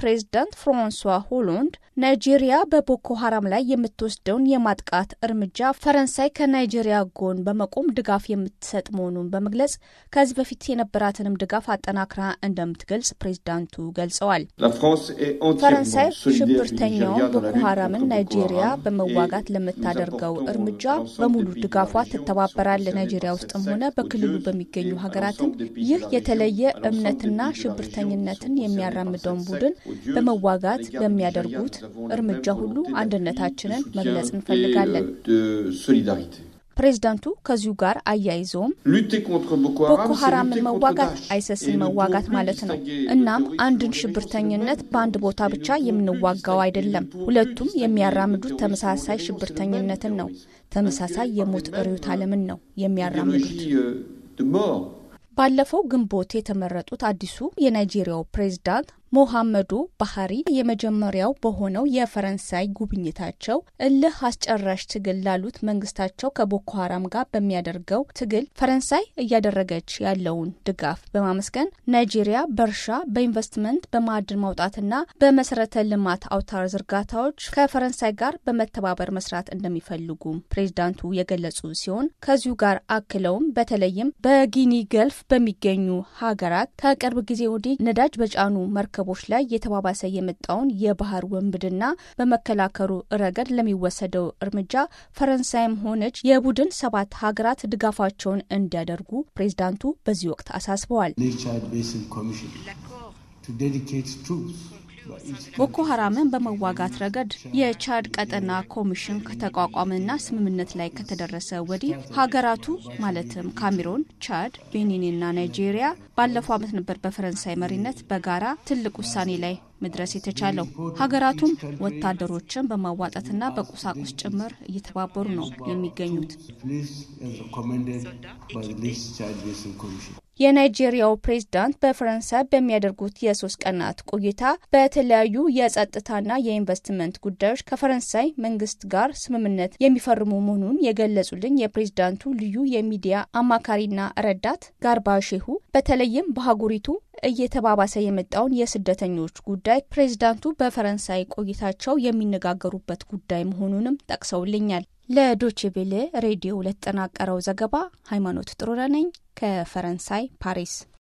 ፕሬዝዳንት ፍራንሷ ሆሎንድ ናይጄሪያ በቦኮ ሀራም ላይ የምትወስደውን የማጥቃት እርምጃ ፈረንሳይ ከናይጄሪያ ጎን በመቆም ድጋፍ የምትሰጥ መሆኑን በመግለጽ ከዚህ በፊት የነበራትንም ድጋፍ አጠናክራ እንደምትገልጽ ፕሬዝዳንቱ ገልጸዋል። ፈረንሳይ ሽብርተኛውን ቦኮ ሀራምን ናይጄሪያ በመዋጋት ለምታደርገው እርምጃ በሙሉ ድጋፏ ትተባበራል። ናይጄሪያ ውስጥም ሆነ በክልሉ በሚገኙ ሀገራትም ይህ የተለየ እምነትና ሽብርተኝነትን የሚያራምደውን ቡድን በመዋጋት በሚያደርጉት እርምጃ ሁሉ አንድነታችንን መግለጽ እንፈልጋለን። ፕሬዚዳንቱ ከዚሁ ጋር አያይዘውም ቦኮ ሀራምን መዋጋት አይሰስን መዋጋት ማለት ነው። እናም አንድን ሽብርተኝነት በአንድ ቦታ ብቻ የምንዋጋው አይደለም። ሁለቱም የሚያራምዱት ተመሳሳይ ሽብርተኝነትን ነው። ተመሳሳይ የሞት ርዕዮተ ዓለምን ነው የሚያራምዱት። ባለፈው ግንቦት የተመረጡት አዲሱ የናይጄሪያው ፕሬዚዳንት ሞሐመዱ ባህሪ የመጀመሪያው በሆነው የፈረንሳይ ጉብኝታቸው እልህ አስጨራሽ ትግል ላሉት መንግስታቸው ከቦኮ ሀራም ጋር በሚያደርገው ትግል ፈረንሳይ እያደረገች ያለውን ድጋፍ በማመስገን ናይጄሪያ በእርሻ በኢንቨስትመንት በማዕድን ማውጣትና በመሰረተ ልማት አውታር ዝርጋታዎች ከፈረንሳይ ጋር በመተባበር መስራት እንደሚፈልጉም ፕሬዚዳንቱ የገለጹ ሲሆን ከዚሁ ጋር አክለውም በተለይም በጊኒ ገልፍ በሚገኙ ሀገራት ከቅርብ ጊዜ ወዲህ ነዳጅ በጫኑ መርከ መርከቦች ላይ እየተባባሰ የመጣውን የባህር ወንብድና በመከላከሉ ረገድ ለሚወሰደው እርምጃ ፈረንሳይም ሆነች የቡድን ሰባት ሀገራት ድጋፋቸውን እንዲያደርጉ ፕሬዝዳንቱ በዚህ ወቅት አሳስበዋል። ቦኮ ሀራምን በመዋጋት ረገድ የቻድ ቀጠና ኮሚሽን ከተቋቋመና ስምምነት ላይ ከተደረሰ ወዲህ ሀገራቱ ማለትም ካሜሮን፣ ቻድ፣ ቤኒንና ናይጄሪያ ባለፈው ዓመት ነበር በፈረንሳይ መሪነት በጋራ ትልቅ ውሳኔ ላይ መድረስ የተቻለው ሀገራቱም ወታደሮችን በማዋጣትና በቁሳቁስ ጭምር እየተባበሩ ነው የሚገኙት። የናይጄሪያው ፕሬዝዳንት በፈረንሳይ በሚያደርጉት የሶስት ቀናት ቆይታ በተለያዩ የጸጥታና የኢንቨስትመንት ጉዳዮች ከፈረንሳይ መንግስት ጋር ስምምነት የሚፈርሙ መሆኑን የገለጹልኝ የፕሬዝዳንቱ ልዩ የሚዲያ አማካሪና ረዳት ጋርባ ሼሁ በተለይም በሀጉሪቱ እየተባባሰ የመጣውን የስደተኞች ጉዳይ ፕሬዝዳንቱ በፈረንሳይ ቆይታቸው የሚነጋገሩበት ጉዳይ መሆኑንም ጠቅሰውልኛል። ለዶችቬሌ ሬዲዮ ለተጠናቀረው ዘገባ ሃይማኖት ጥሩነህ ነኝ ከፈረንሳይ ፓሪስ